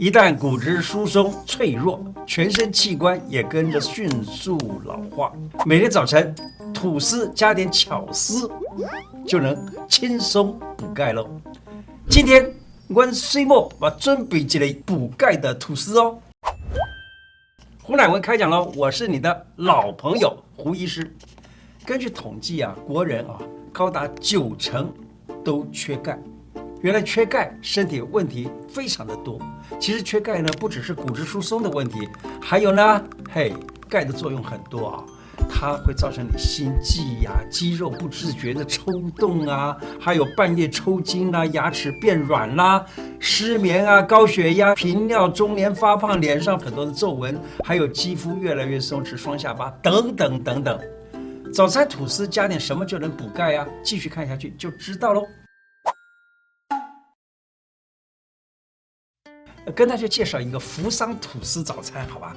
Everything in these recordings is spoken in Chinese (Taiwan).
一旦骨質疏鬆脆弱，全身器官也跟着迅速老化。每天早晨，吐司加點巧思，就能輕鬆補鈣嘍。今天我水木把準備這類補鈣的吐司哦。胡乃文開講嘍，我是你的老朋友胡醫師。根據統計啊，國人啊高達九成都缺鈣。原來缺鈣，身體問題非常的多。其實缺鈣呢，不只是骨質疏鬆的問題，還有呢，嘿，鈣的作用很多啊，它會造成你心悸呀、啊、肌肉不自覺的抽動啊，還有半夜抽筋啦、啊、牙齒變軟啦、失眠啊、高血壓、頻尿、中年發胖、臉上很多的皺紋，還有肌膚越來越鬆弛、雙下巴等等等等。早餐吐司加點什麼就能補鈣呀、啊？繼續看下去就知道嘍。跟大家介紹一個扶桑吐司早餐，好吧？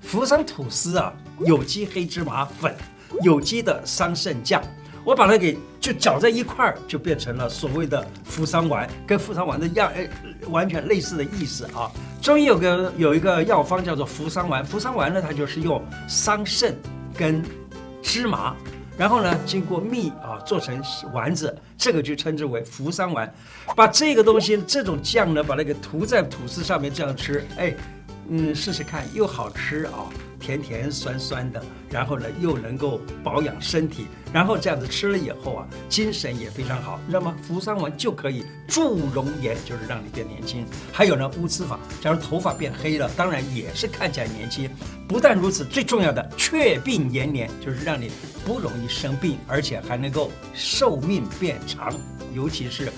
扶桑吐司啊，有機黑芝麻粉，有機的桑葚醬，我把它給就攪在一塊兒，就變成了所謂的扶桑丸，跟扶桑丸的一樣，哎，完全類似的意思啊。中醫有個有一個藥方叫做扶桑丸，扶桑丸呢，它就是用桑葚跟芝麻，然後呢，經過蜜啊、哦、做成丸子，這個就稱之為扶桑丸。把這個東西，這種醬呢，把那個塗在吐司上面這樣吃，哎，嗯，試試看，又好吃啊、哦。甜甜酸酸的，然後呢又能夠保養身體，然後這樣子吃了以後啊，精神也非常好。那麼扶桑丸就可以助容顏，就是讓你變年輕。還有呢烏髭髮，假如頭髮變黑了，當然也是看起來年輕。不但如此，最重要的卻病延年、年，就是讓你不容易生病，而且還能夠壽命變長。尤其是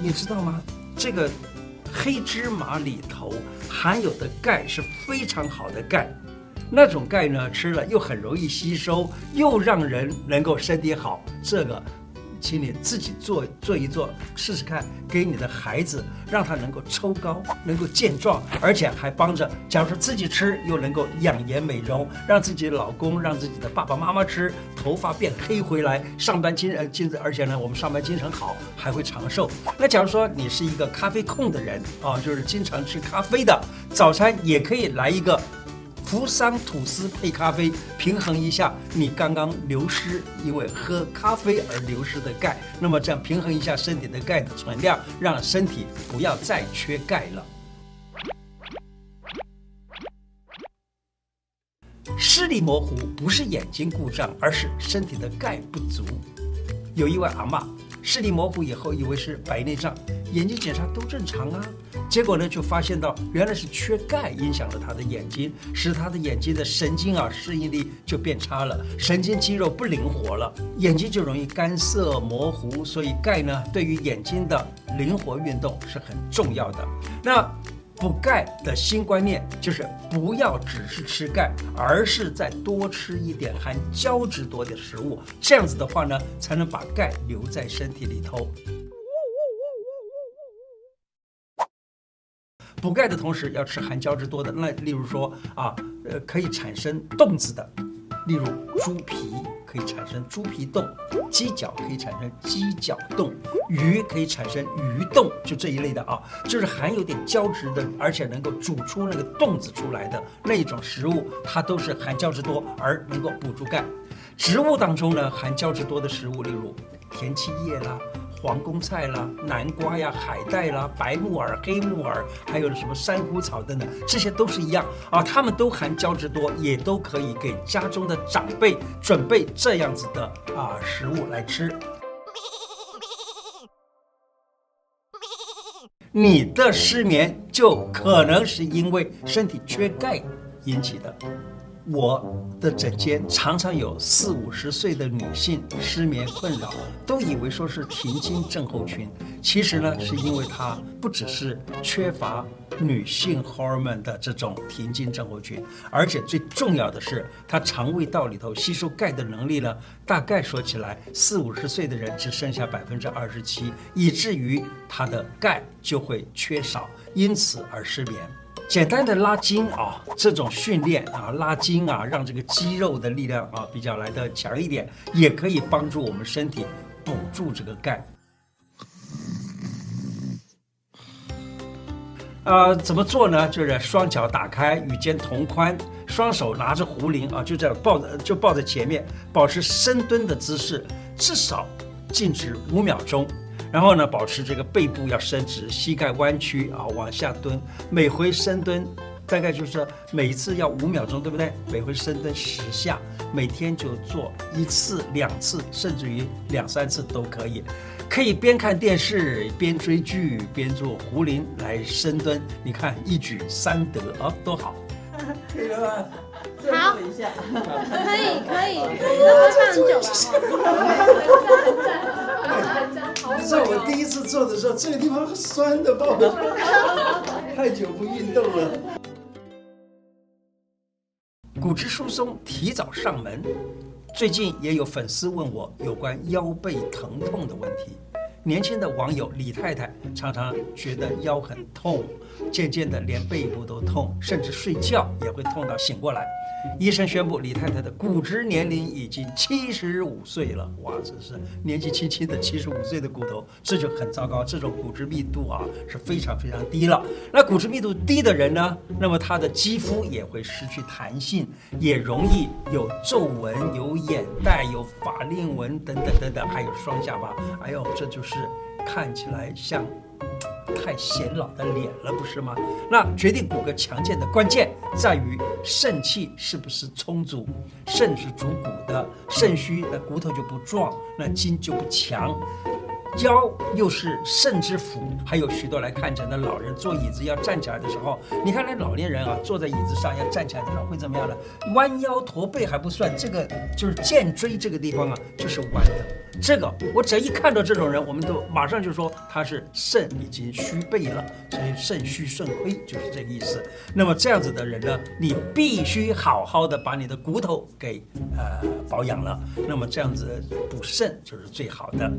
你知道嗎？這個黑芝麻裡頭含有的鈣是非常好的鈣。那種鈣呢，吃了又很容易吸收，又讓人能夠身體好。這個，請你自己做做一做試試看，給你的孩子，讓他能夠抽高，能夠健壯，而且還幫着。假如說自己吃，又能夠養顏美容，讓自己的老公，讓自己的爸爸媽媽吃，頭髮變黑回來，上班精呃精神，而且呢，我們上班精神好，還會長壽。那假如說你是一個咖啡控的人啊，就是經常吃咖啡的，早餐也可以來一個。扶桑吐司配咖啡，平衡一下你剛剛流失，因為喝咖啡而流失的鈣。那麼這樣平衡一下身體的鈣的存量，讓身體不要再缺鈣了。視力模糊不是眼睛故障，而是身體的鈣不足。有一位阿嬤。視力模糊以後，以為是白內障，眼睛檢查都正常啊，結果呢就發現到原來是缺鈣影響了他的眼睛，使他的眼睛的神經啊適應力就變差了，神經肌肉不靈活了，眼睛就容易乾澀模糊。所以鈣呢對於眼睛的靈活運動是很重要的。那補鈣的新觀念就是不要只是吃鈣，而是再多吃一點含膠質多的食物。這樣子的話呢，才能把鈣留在身體裡頭。補鈣的同時要吃含膠質多的，那例如說啊，呃，可以產生凍子的，例如豬皮。可以產生豬皮凍，雞腳可以產生雞腳凍，魚可以產生魚凍，就這一類的啊，就是含有點膠質的，而且能夠煮出那個凍子出來的那一種食物，它都是含膠質多而能夠補助鈣。植物當中呢，含膠質多的食物，例如田七葉啦、皇宮菜啦、南瓜呀、海帶啦、白木耳、黑木耳，還有什麼珊瑚草等等，這些都是一樣啊，它們都含膠質多，也都可以給家中的長輩準備這樣子的啊食物來吃。你的失眠就可能是因為身體缺鈣引起的。我的診間常常有四五十歲的女性失眠困擾，都以為說是停經症候群，其實呢是因為她不只是缺乏女性 hormone 的這種停經症候群，而且最重要的是，她腸胃道裡頭吸收鈣的能力呢，大概說起來，四五十歲的人只剩下百分之二十七，以至於她的鈣就會缺少，因此而失眠。簡單的拉筋啊，這種訓練啊，拉筋啊，讓這個肌肉的力量啊比較來得強一點，也可以幫助我們身體補助這個鈣。呃，怎麼做呢？就是雙腳打開與肩同寬，雙手拿着壺鈴啊，就這樣抱着就抱在前面，保持深蹲的姿勢，至少靜止五秒鐘。然後呢，保持這個背部要伸直，膝蓋彎曲啊，往下蹲。每回深蹲大概就是說每次要五秒鐘，對不對？每回深蹲十下，每天就做一次、兩次，甚至於兩三次都可以。可以邊看電視、邊追劇、邊做壺鈴來深蹲，你看一舉三得啊、哦，多好！好可以嗎？好。一下，可以可以。唱久。在我第一次做的時候，這個、oh、地方酸的，把我。太久不運動了。骨質疏鬆提早上門。最近也有粉絲問我有關腰背疼痛的問題。年輕的網友李太太常常覺得腰很痛，漸漸的連背部都痛，甚至睡覺也會痛到醒過來。醫生宣布，李太太的骨質年齡已經七十五歲了。哇，這是年紀輕輕的七十五歲的骨頭，這就很糟糕。這種骨質密度啊是非常非常低了。那骨質密度低的人呢，那麼他的肌膚也會失去彈性，也容易有皺紋、有眼袋、有法令紋等等等等，還有雙下巴。哎呦，這就是看起來像。太顯老的臉了，不是嗎？那決定骨骼強健的關鍵在於腎氣是不是充足。腎是主骨的，腎虛那骨頭就不壯，那筋就不強。腰又是腎之府，還有許多來看診的老人，坐椅子要站起來的時候，你看那老年人啊，坐在椅子上要站起來的時候會怎麼樣呢？彎腰駝背還不算，這個就是肩椎這個地方啊，就是彎的。這個我只要一看到這種人，我們都馬上就說他是腎已經虛背了，所以腎虛腎虧就是這個意思。那麼這樣子的人呢，你必須好好的把你的骨頭給呃保養了，那麼這樣子補腎就是最好的。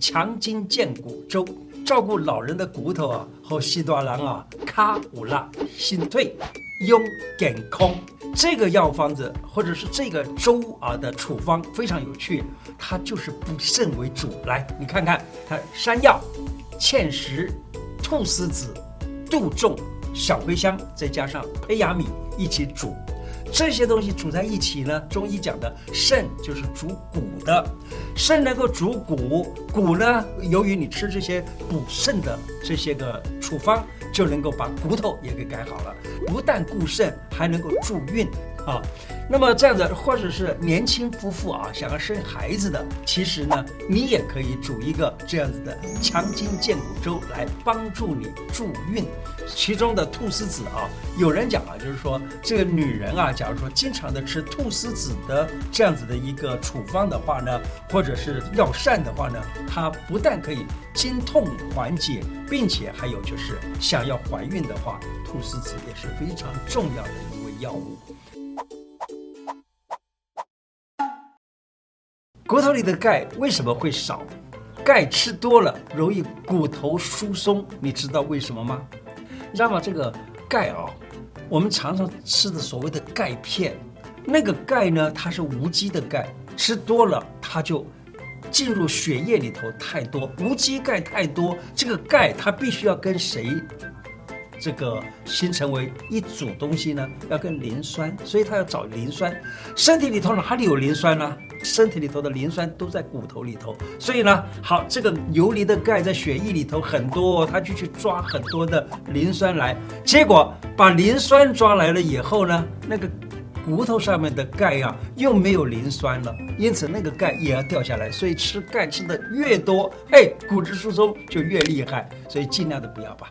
強筋健骨粥，照顧老人的骨頭啊和西多囊啊，卡烏拉、辛退、雍點空這個藥方子或者是這個粥啊的處方非常有趣，它就是補腎為主。來，你看看它：山藥、芡實、菟絲子、杜仲、小茴香，再加上胚芽米一起煮。這些東西煮在一起呢，中醫講的腎就是主骨的，腎能夠主骨，骨呢，由於你吃這些補腎的這些個處方，就能夠把骨頭也給改好了，不但固腎，還能夠助孕。啊，那麼這樣子，或者是年輕夫婦啊，想要生孩子的，其實呢，你也可以煮一個這樣子的強筋健骨粥來幫助你助孕。其中的菟絲子啊，有人講啊，就是說這個女人啊，假如說經常的吃菟絲子的這樣子的一個處方的話呢，或者是藥膳的話呢，它不但可以經痛緩解，並且還有就是想要懷孕的話，菟絲子也是非常重要的一味藥物。骨頭裡的鈣為什麼會少？鈣吃多了容易骨頭疏鬆，你知道為什麼嗎？你知道嗎？這個鈣啊、哦，我們常常吃的所謂的鈣片，那個鈣呢，它是無機的鈣，吃多了它就進入血液裡頭太多，無機鈣太多，這個鈣它必須要跟誰？這個形成為一組東西呢，要跟磷酸，所以他要找磷酸。身體裡頭哪裡有磷酸呢？身體裡頭的磷酸都在骨頭裡頭。所以呢，好，這個游離的鈣在血液裡頭很多，他就去抓很多的磷酸來。結果把磷酸抓來了以後呢，那個骨頭上面的鈣呀，啊，又沒有磷酸了，因此那個鈣也要掉下來。所以吃鈣吃得越多，哎，骨質疏鬆就越厲害。所以盡量的不要吧。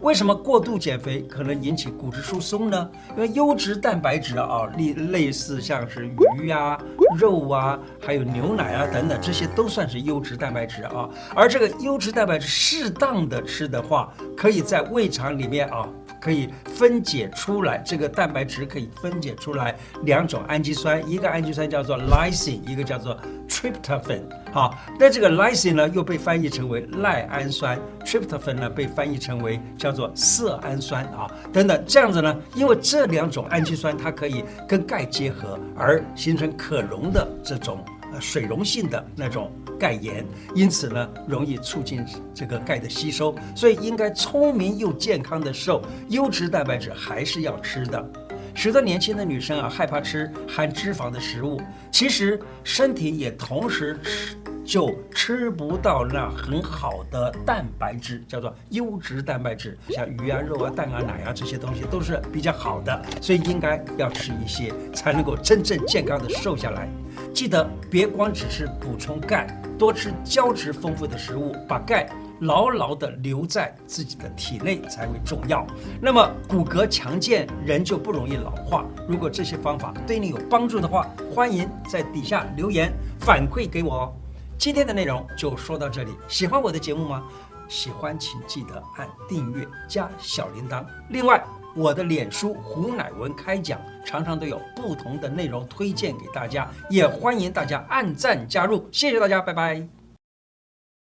為什麼過度減肥可能引起骨質疏鬆呢？因為優質蛋白質啊，類類似像是魚啊、肉啊，還有牛奶啊等等，這些都算是優質蛋白質啊。而這個優質蛋白質適當的吃的話，可以在胃腸裡面啊。可以分解出來，這個蛋白質可以分解出來兩種氨基酸，一個氨基酸叫做 lysine，一個叫做 tryptophan。好，那這個 lysine 呢又被翻譯成為賴氨酸，tryptophan 呢被翻譯成為叫做色氨酸啊等等。這樣子呢，因為這兩種氨基酸它可以跟鈣結合，而形成可溶的這種呃水溶性的那種。鈣鹽，因此呢，容易促進這個鈣的吸收，所以應該聰明又健康的瘦，優質蛋白質還是要吃的。許多年輕的女生啊，害怕吃含脂肪的食物，其實身體也同時吃。就吃不到那很好的蛋白質，叫做優質蛋白質，像魚啊、肉啊、蛋啊、奶啊這些東西都是比較好的，所以應該要吃一些，才能夠真正健康的瘦下來。記得別光只是補充鈣，多吃膠質豐富的食物，把鈣牢牢的留在自己的體內才會重要。那麼骨骼強健，人就不容易老化。如果這些方法對你有幫助的話，歡迎在底下留言反饋給我哦。今天的內容就說到這裡。喜歡我的節目嗎？喜歡請記得按訂閱加小鈴鐺。另外，我的臉書胡乃文開講常常都有不同的內容推薦給大家，也歡迎大家按贊加入。謝謝大家，拜拜。